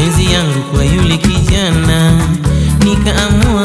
mapenzi yangu kwa yule kijana, nikaamua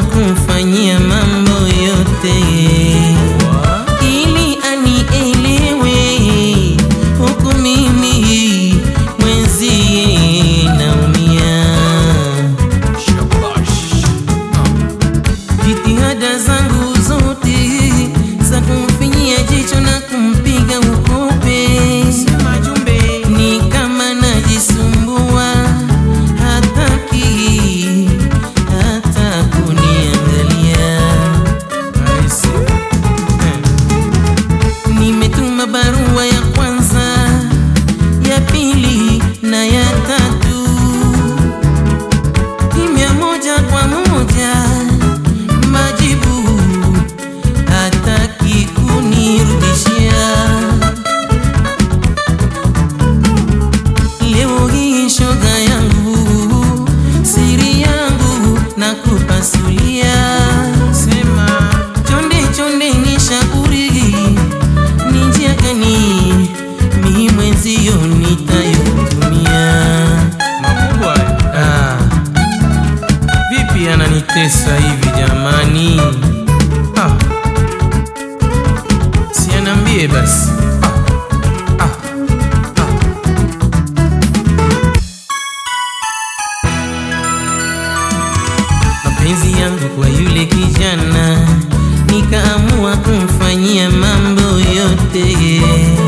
yapi ananitesa hivi jamani? Ah, sianambie basi. Mapenzi yangu kwa yule kijana, nikaamua kumfanyia mambo yote